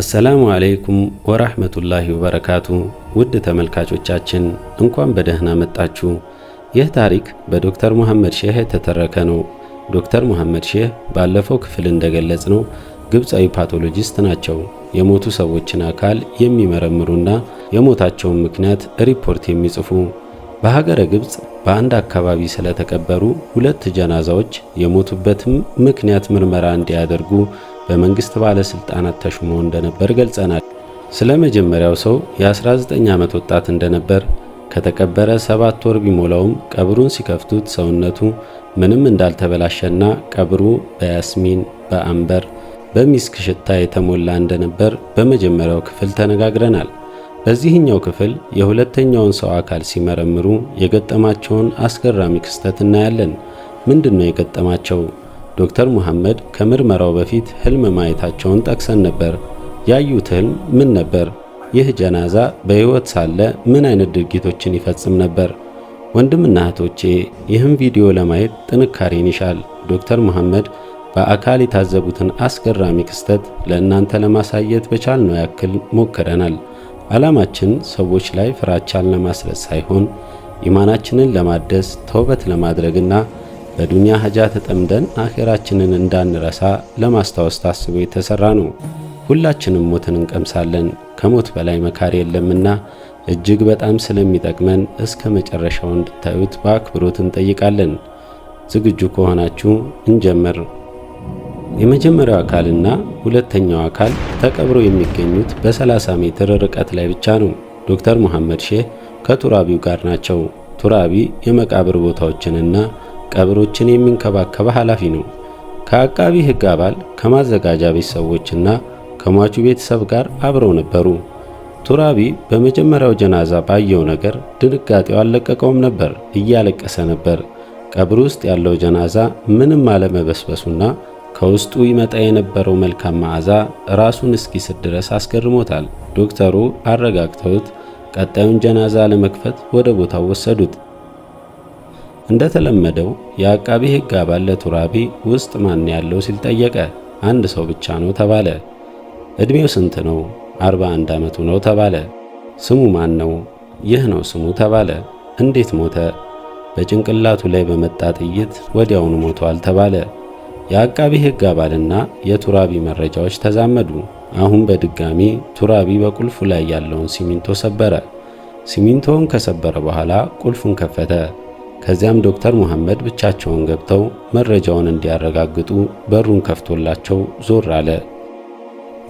አሰላሙ አለይኩም ወራህመቱላሂ ወበረካቱ። ውድ ተመልካቾቻችን እንኳን በደህና መጣችሁ። ይህ ታሪክ በዶክተር ሙሐመድ ሼህ የተተረከ ነው። ዶክተር ሙሐመድ ሼህ ባለፈው ክፍል እንደገለጽ ነው ግብፃዊ ፓቶሎጂስት ናቸው። የሞቱ ሰዎችን አካል የሚመረምሩና የሞታቸውን ምክንያት ሪፖርት የሚጽፉ በሀገረ ግብፅ በአንድ አካባቢ ስለተቀበሩ ሁለት ጀናዛዎች የሞቱበትም ምክንያት ምርመራ እንዲያደርጉ በመንግስት ባለስልጣናት ተሹሞ እንደነበር ገልጸናል። ስለ መጀመሪያው ሰው የ19 ዓመት ወጣት እንደነበር ከተቀበረ ሰባት ወር ቢሞላውም ቀብሩን ሲከፍቱት ሰውነቱ ምንም እንዳልተበላሸና ቀብሩ በያስሚን በአንበር በሚስክ ሽታ የተሞላ እንደነበር በመጀመሪያው ክፍል ተነጋግረናል። በዚህኛው ክፍል የሁለተኛውን ሰው አካል ሲመረምሩ የገጠማቸውን አስገራሚ ክስተት እናያለን። ምንድን ነው የገጠማቸው? ዶክተር ሙሐመድ ከምርመራው በፊት ህልም ማየታቸውን ጠቅሰን ነበር። ያዩት ህልም ምን ነበር? ይህ ጀናዛ በሕይወት ሳለ ምን አይነት ድርጊቶችን ይፈጽም ነበር? ወንድምና እህቶቼ ይህም ቪዲዮ ለማየት ጥንካሬን ይሻል። ዶክተር ሙሐመድ በአካል የታዘቡትን አስገራሚ ክስተት ለእናንተ ለማሳየት በቻልነው ያክል ሞክረናል። ዓላማችን ሰዎች ላይ ፍራቻን ለማስረጽ ሳይሆን ኢማናችንን ለማደስ ተውበት ለማድረግና በዱንያ ሀጃ ተጠምደን አኼራችንን እንዳንረሳ ለማስታወስ ታስቦ የተሠራ ነው። ሁላችንም ሞትን እንቀምሳለን፣ ከሞት በላይ መካር የለምና እጅግ በጣም ስለሚጠቅመን እስከ መጨረሻው እንድታዩት በአክብሮት እንጠይቃለን። ዝግጁ ከሆናችሁ እንጀምር። የመጀመሪያው አካልና ሁለተኛው አካል ተቀብረው የሚገኙት በ30 ሜትር ርቀት ላይ ብቻ ነው። ዶክተር መሐመድ ሼህ ከቱራቢው ጋር ናቸው። ቱራቢ የመቃብር ቦታዎችንና ቀብሮችን የሚንከባከበ ኃላፊ ነው። ከአቃቢ ሕግ አባል ከማዘጋጃ ቤት ሰዎችና ከሟቹ ቤተሰብ ጋር አብረው ነበሩ። ቱራቢ በመጀመሪያው ጀናዛ ባየው ነገር ድንጋጤው አልለቀቀውም ነበር። እያለቀሰ ነበር። ቀብር ውስጥ ያለው ጀናዛ ምንም አለመበስበሱና ከውስጡ ይመጣ የነበረው መልካም መዓዛ ራሱን እስኪስት ድረስ አስገርሞታል። ዶክተሩ አረጋግተውት ቀጣዩን ጀናዛ ለመክፈት ወደ ቦታው ወሰዱት። እንደተለመደው የአቃቢ ሕግ አባል ለቱራቢ ውስጥ ማን ያለው ሲል ጠየቀ። አንድ ሰው ብቻ ነው ተባለ። እድሜው ስንት ነው? 41 ዓመቱ ነው ተባለ። ስሙ ማን ነው? ይህ ነው ስሙ ተባለ። እንዴት ሞተ? በጭንቅላቱ ላይ በመጣ ጥይት ወዲያውኑ ሞቷል ተባለ። የአቃቢ ሕግ አባልና የቱራቢ መረጃዎች ተዛመዱ። አሁን በድጋሚ ቱራቢ በቁልፉ ላይ ያለውን ሲሚንቶ ሰበረ። ሲሚንቶውን ከሰበረ በኋላ ቁልፉን ከፈተ። ከዚያም ዶክተር መሐመድ ብቻቸውን ገብተው መረጃውን እንዲያረጋግጡ በሩን ከፍቶላቸው ዞር አለ።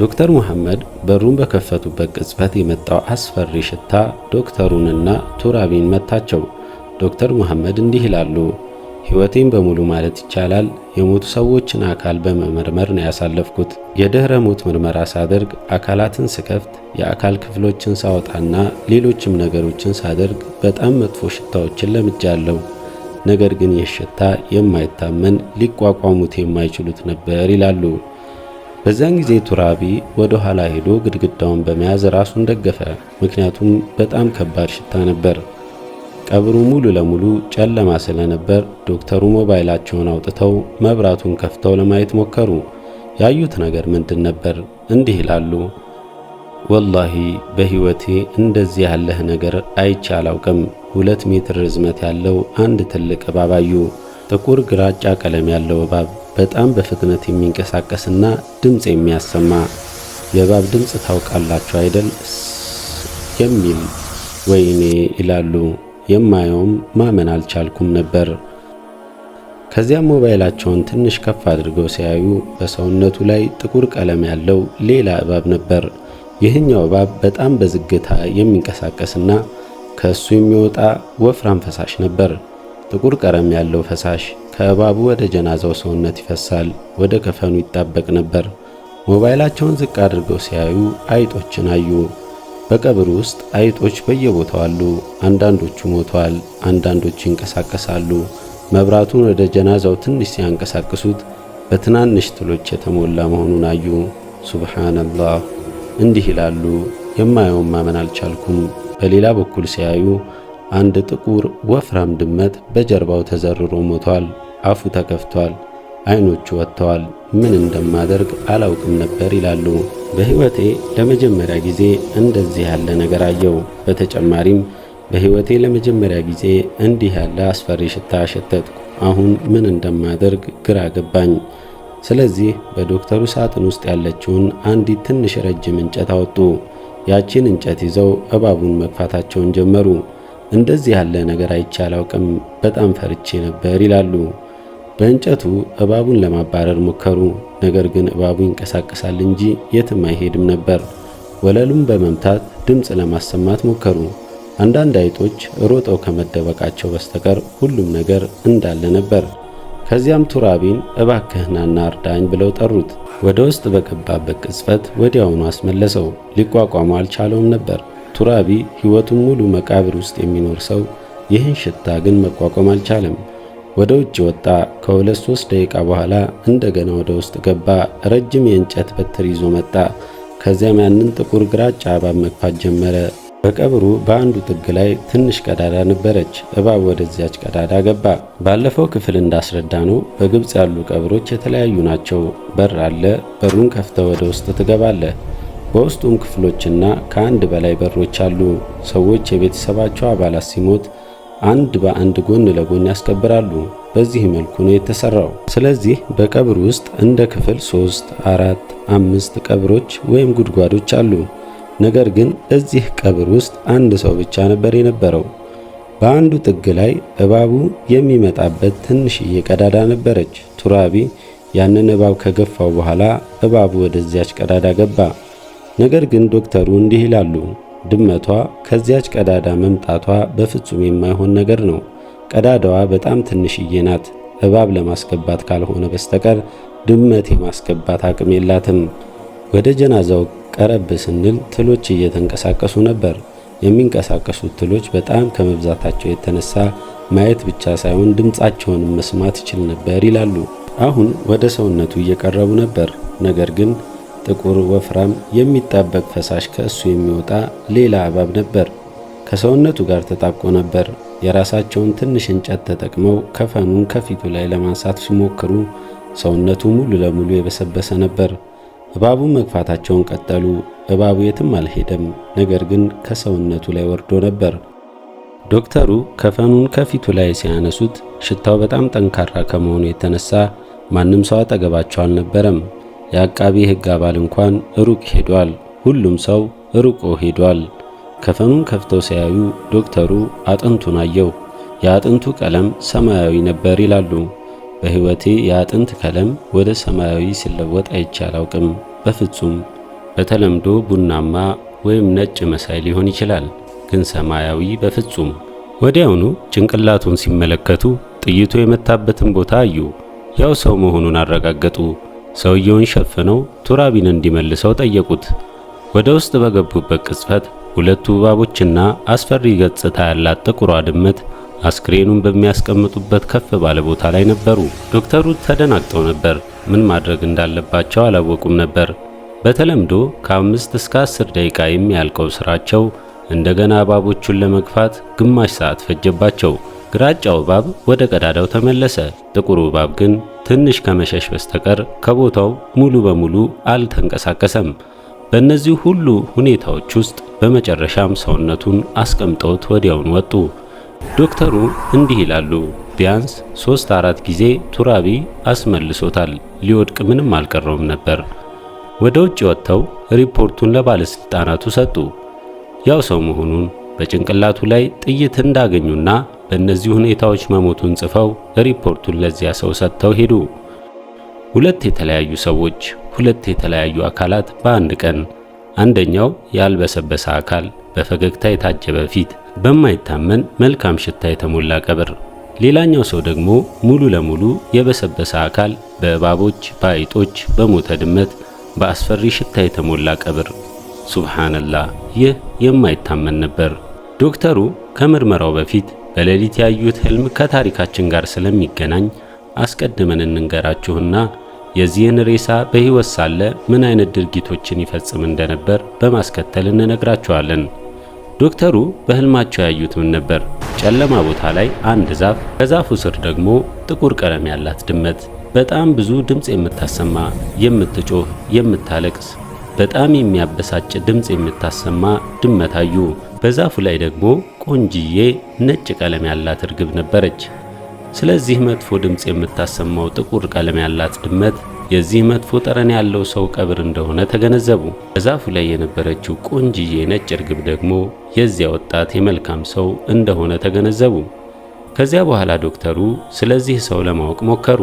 ዶክተር መሐመድ በሩን በከፈቱበት ቅጽበት የመጣው አስፈሪ ሽታ ዶክተሩንና ቱራቢን መታቸው። ዶክተር መሐመድ እንዲህ ይላሉ። ሕይወቴን በሙሉ ማለት ይቻላል የሞቱ ሰዎችን አካል በመመርመር ነው ያሳለፍኩት። የድኅረ ሞት ምርመራ ሳደርግ አካላትን ስከፍት፣ የአካል ክፍሎችን ሳወጣና ሌሎችም ነገሮችን ሳደርግ በጣም መጥፎ ሽታዎችን ለምጃለሁ። ነገር ግን ይህ ሽታ የማይታመን ሊቋቋሙት የማይችሉት ነበር ይላሉ። በዚያን ጊዜ ቱራቢ ወደ ኋላ ሄዶ ግድግዳውን በመያዝ ራሱን ደገፈ። ምክንያቱም በጣም ከባድ ሽታ ነበር። ቀብሩ ሙሉ ለሙሉ ጨለማ ስለነበር ዶክተሩ ሞባይላቸውን አውጥተው መብራቱን ከፍተው ለማየት ሞከሩ። ያዩት ነገር ምንድን ነበር? እንዲህ ይላሉ። ወላሂ በሕይወቴ እንደዚህ ያለህ ነገር አይቼ አላውቅም። ሁለት ሜትር ርዝመት ያለው አንድ ትልቅ እባብ አዩ። ጥቁር ግራጫ ቀለም ያለው እባብ በጣም በፍጥነት የሚንቀሳቀስና ድምፅ የሚያሰማ የእባብ ድምፅ ታውቃላችሁ አይደል? የሚል ወይኔ ይላሉ። የማየውም ማመን አልቻልኩም ነበር። ከዚያም ሞባይላቸውን ትንሽ ከፍ አድርገው ሲያዩ በሰውነቱ ላይ ጥቁር ቀለም ያለው ሌላ እባብ ነበር። ይህኛው እባብ በጣም በዝግታ የሚንቀሳቀስና ከእሱ የሚወጣ ወፍራም ፈሳሽ ነበር። ጥቁር ቀለም ያለው ፈሳሽ ከእባቡ ወደ ጀናዛው ሰውነት ይፈሳል፣ ወደ ከፈኑ ይጣበቅ ነበር። ሞባይላቸውን ዝቅ አድርገው ሲያዩ አይጦችን አዩ። በቀብር ውስጥ አይጦች በየቦታው አሉ። አንዳንዶቹ ሞተዋል፣ አንዳንዶቹ ይንቀሳቀሳሉ። መብራቱን ወደ ጀናዛው ትንሽ ሲያንቀሳቅሱት በትናንሽ ትሎች የተሞላ መሆኑን አዩ። ሱብሓነላህ እንዲህ ይላሉ፣ የማየውን ማመን አልቻልኩም። በሌላ በኩል ሲያዩ አንድ ጥቁር ወፍራም ድመት በጀርባው ተዘርሮ ሞቷል። አፉ ተከፍቷል፣ አይኖቹ ወጥተዋል። ምን እንደማደርግ አላውቅም ነበር ይላሉ። በህይወቴ ለመጀመሪያ ጊዜ እንደዚህ ያለ ነገር አየው። በተጨማሪም በህይወቴ ለመጀመሪያ ጊዜ እንዲህ ያለ አስፈሪ ሽታ ሸተትኩ። አሁን ምን እንደማደርግ ግራ ገባኝ። ስለዚህ በዶክተሩ ሳጥን ውስጥ ያለችውን አንዲት ትንሽ ረጅም እንጨት አወጡ። ያቺን እንጨት ይዘው እባቡን መግፋታቸውን ጀመሩ። እንደዚህ ያለ ነገር አይቼ አላውቅም፣ በጣም ፈርቼ ነበር ይላሉ። በእንጨቱ እባቡን ለማባረር ሞከሩ። ነገር ግን እባቡ ይንቀሳቀሳል እንጂ የትም አይሄድም ነበር። ወለሉን በመምታት ድምፅ ለማሰማት ሞከሩ። አንዳንድ አይጦች ሮጠው ከመደበቃቸው በስተቀር ሁሉም ነገር እንዳለ ነበር። ከዚያም ቱራቢን እባክህናና እርዳኝ ብለው ጠሩት። ወደ ውስጥ በገባበት ቅጽበት ወዲያውኑ አስመለሰው። ሊቋቋሙ አልቻለውም ነበር። ቱራቢ ሕይወቱን ሙሉ መቃብር ውስጥ የሚኖር ሰው፣ ይህን ሽታ ግን መቋቋም አልቻለም። ወደ ውጭ ወጣ። ከሁለት ሶስት ደቂቃ በኋላ እንደገና ወደ ውስጥ ገባ። ረጅም የእንጨት በትር ይዞ መጣ። ከዚያም ያንን ጥቁር ግራጫ እባብ መግፋት ጀመረ። በቀብሩ በአንዱ ጥግ ላይ ትንሽ ቀዳዳ ነበረች። እባብ ወደዚያች ቀዳዳ ገባ። ባለፈው ክፍል እንዳስረዳ ነው በግብፅ ያሉ ቀብሮች የተለያዩ ናቸው። በር አለ። በሩን ከፍተ ወደ ውስጥ ትገባለህ። በውስጡም ክፍሎችና ከአንድ በላይ በሮች አሉ። ሰዎች የቤተሰባቸው አባላት ሲሞት አንድ በአንድ ጎን ለጎን ያስቀብራሉ። በዚህ መልኩ ነው የተሰራው። ስለዚህ በቀብር ውስጥ እንደ ክፍል ሶስት፣ አራት፣ አምስት ቀብሮች ወይም ጉድጓዶች አሉ። ነገር ግን እዚህ ቀብር ውስጥ አንድ ሰው ብቻ ነበር የነበረው። በአንዱ ጥግ ላይ እባቡ የሚመጣበት ትንሽዬ ቀዳዳ ነበረች። ቱራቢ ያንን እባብ ከገፋው በኋላ እባቡ ወደዚያች ቀዳዳ ገባ። ነገር ግን ዶክተሩ እንዲህ ይላሉ ድመቷ ከዚያች ቀዳዳ መምጣቷ በፍጹም የማይሆን ነገር ነው። ቀዳዳዋ በጣም ትንሽዬ ናት። እባብ ለማስገባት ካልሆነ በስተቀር ድመት የማስገባት አቅም የላትም። ወደ ጀናዛው ቀረብ ስንል ትሎች እየተንቀሳቀሱ ነበር። የሚንቀሳቀሱት ትሎች በጣም ከመብዛታቸው የተነሳ ማየት ብቻ ሳይሆን ድምፃቸውንም መስማት ይችል ነበር ይላሉ። አሁን ወደ ሰውነቱ እየቀረቡ ነበር፣ ነገር ግን ጥቁር ወፍራም የሚጣበቅ ፈሳሽ ከእሱ የሚወጣ ሌላ እባብ ነበር። ከሰውነቱ ጋር ተጣብቆ ነበር። የራሳቸውን ትንሽ እንጨት ተጠቅመው ከፈኑን ከፊቱ ላይ ለማንሳት ሲሞክሩ ሰውነቱ ሙሉ ለሙሉ የበሰበሰ ነበር። እባቡን መግፋታቸውን ቀጠሉ። እባቡ የትም አልሄደም፣ ነገር ግን ከሰውነቱ ላይ ወርዶ ነበር። ዶክተሩ ከፈኑን ከፊቱ ላይ ሲያነሱት ሽታው በጣም ጠንካራ ከመሆኑ የተነሳ ማንም ሰው አጠገባቸው አልነበረም። የአቃቢ ሕግ አባል እንኳን ሩቅ ሄዷል። ሁሉም ሰው ሩቆ ሄዷል። ከፈኑን ከፍተው ሲያዩ ዶክተሩ አጥንቱን አየው። የአጥንቱ ቀለም ሰማያዊ ነበር ይላሉ። በሕይወቴ የአጥንት ቀለም ወደ ሰማያዊ ሲለወጥ አይቼ አላውቅም በፍጹም። በተለምዶ ቡናማ ወይም ነጭ መሳይ ሊሆን ይችላል፣ ግን ሰማያዊ በፍጹም። ወዲያውኑ ጭንቅላቱን ሲመለከቱ ጥይቱ የመታበትን ቦታ አዩ። ያው ሰው መሆኑን አረጋገጡ። ሰውየውን ሸፍነው ቱራቢን እንዲመልሰው ጠየቁት። ወደ ውስጥ በገቡበት ቅጽበት ሁለቱ እባቦችና አስፈሪ ገጽታ ያላት ጥቁሯ ድመት አስክሬኑን በሚያስቀምጡበት ከፍ ባለ ቦታ ላይ ነበሩ። ዶክተሩ ተደናግጠው ነበር። ምን ማድረግ እንዳለባቸው አላወቁም ነበር። በተለምዶ ከአምስት እስከ አስር ደቂቃ የሚያልቀው ስራቸው እንደገና እባቦቹን ለመግፋት ግማሽ ሰዓት ፈጀባቸው። ግራጫው እባብ ወደ ቀዳዳው ተመለሰ። ጥቁሩ እባብ ግን ትንሽ ከመሸሽ በስተቀር ከቦታው ሙሉ በሙሉ አልተንቀሳቀሰም። በእነዚህ ሁሉ ሁኔታዎች ውስጥ በመጨረሻም ሰውነቱን አስቀምጠውት ወዲያውን ወጡ። ዶክተሩ እንዲህ ይላሉ፣ ቢያንስ ሶስት አራት ጊዜ ቱራቢ አስመልሶታል። ሊወድቅ ምንም አልቀረውም ነበር። ወደ ውጭ ወጥተው ሪፖርቱን ለባለስልጣናቱ ሰጡ። ያው ሰው መሆኑን በጭንቅላቱ ላይ ጥይት እንዳገኙና በእነዚህ ሁኔታዎች መሞቱን ጽፈው ሪፖርቱን ለዚያ ሰው ሰጥተው ሄዱ። ሁለት የተለያዩ ሰዎች፣ ሁለት የተለያዩ አካላት በአንድ ቀን። አንደኛው ያልበሰበሰ አካል፣ በፈገግታ የታጀበ ፊት፣ በማይታመን መልካም ሽታ የተሞላ ቀብር። ሌላኛው ሰው ደግሞ ሙሉ ለሙሉ የበሰበሰ አካል፣ በእባቦች፣ በአይጦች፣ በሞተ ድመት፣ በአስፈሪ ሽታ የተሞላ ቀብር። ሱብሃነላህ! ይህ የማይታመን ነበር። ዶክተሩ ከምርመራው በፊት በሌሊት ያዩት ህልም ከታሪካችን ጋር ስለሚገናኝ አስቀድመን እንንገራችሁና የዚህን ሬሳ በሕይወት ሳለ ምን አይነት ድርጊቶችን ይፈጽም እንደነበር በማስከተል እንነግራችኋለን። ዶክተሩ በህልማቸው ያዩት ምን ነበር? ጨለማ ቦታ ላይ አንድ ዛፍ፣ ከዛፉ ስር ደግሞ ጥቁር ቀለም ያላት ድመት፣ በጣም ብዙ ድምፅ የምታሰማ፣ የምትጮህ፣ የምታለቅስ በጣም የሚያበሳጭ ድምፅ የምታሰማ ድመት አዩ። በዛፉ ላይ ደግሞ ቆንጅዬ ነጭ ቀለም ያላት እርግብ ነበረች። ስለዚህ መጥፎ ድምፅ የምታሰማው ጥቁር ቀለም ያላት ድመት የዚህ መጥፎ ጠረን ያለው ሰው ቀብር እንደሆነ ተገነዘቡ። በዛፉ ላይ የነበረችው ቆንጅዬ ነጭ እርግብ ደግሞ የዚያ ወጣት የመልካም ሰው እንደሆነ ተገነዘቡ። ከዚያ በኋላ ዶክተሩ ስለዚህ ሰው ለማወቅ ሞከሩ።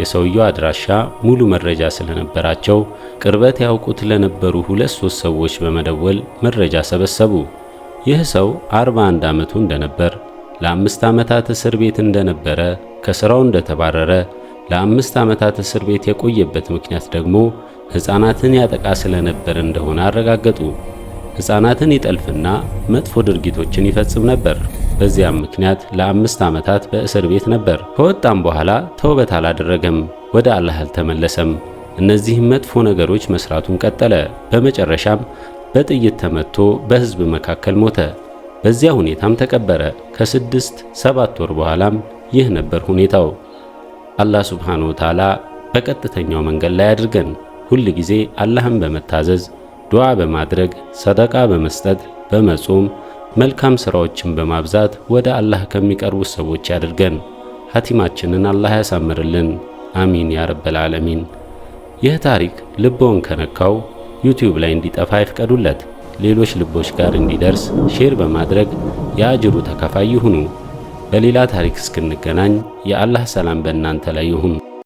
የሰውየው አድራሻ ሙሉ መረጃ ስለነበራቸው ቅርበት ያውቁት ለነበሩ ሁለት ሶስት ሰዎች በመደወል መረጃ ሰበሰቡ። ይህ ሰው 41 ዓመቱ እንደነበር፣ ለአምስት ዓመታት እስር ቤት እንደነበረ፣ ከሥራው እንደተባረረ፣ ለአምስት ዓመታት እስር ቤት የቆየበት ምክንያት ደግሞ ሕፃናትን ያጠቃ ስለነበር እንደሆነ አረጋገጡ። ሕፃናትን ይጠልፍና መጥፎ ድርጊቶችን ይፈጽም ነበር። በዚያም ምክንያት ለአምስት ዓመታት በእስር ቤት ነበር። ከወጣም በኋላ ተውበት አላደረገም፣ ወደ አላህ አልተመለሰም። እነዚህም መጥፎ ነገሮች መስራቱን ቀጠለ። በመጨረሻም በጥይት ተመቶ በሕዝብ መካከል ሞተ። በዚያ ሁኔታም ተቀበረ። ከስድስት ሰባት ወር በኋላም ይህ ነበር ሁኔታው። አላህ ሱብሓነሁ ወተዓላ በቀጥተኛው መንገድ ላይ አድርገን። ሁል ጊዜ አላህን በመታዘዝ ዱዓ በማድረግ ሰደቃ በመስጠት በመጾም መልካም ስራዎችን በማብዛት ወደ አላህ ከሚቀርቡ ሰዎች ያድርገን። ሀቲማችንን አላህ ያሳምርልን። አሚን ያ ረበል ዓለሚን። ይህ ታሪክ ልቦውን ከነካው ዩቲዩብ ላይ እንዲጠፋ ይፍቀዱለት ሌሎች ልቦች ጋር እንዲደርስ ሼር በማድረግ የአጅሩ ተካፋይ ይሁኑ። በሌላ ታሪክ እስክንገናኝ የአላህ ሰላም በእናንተ ላይ ይሁን።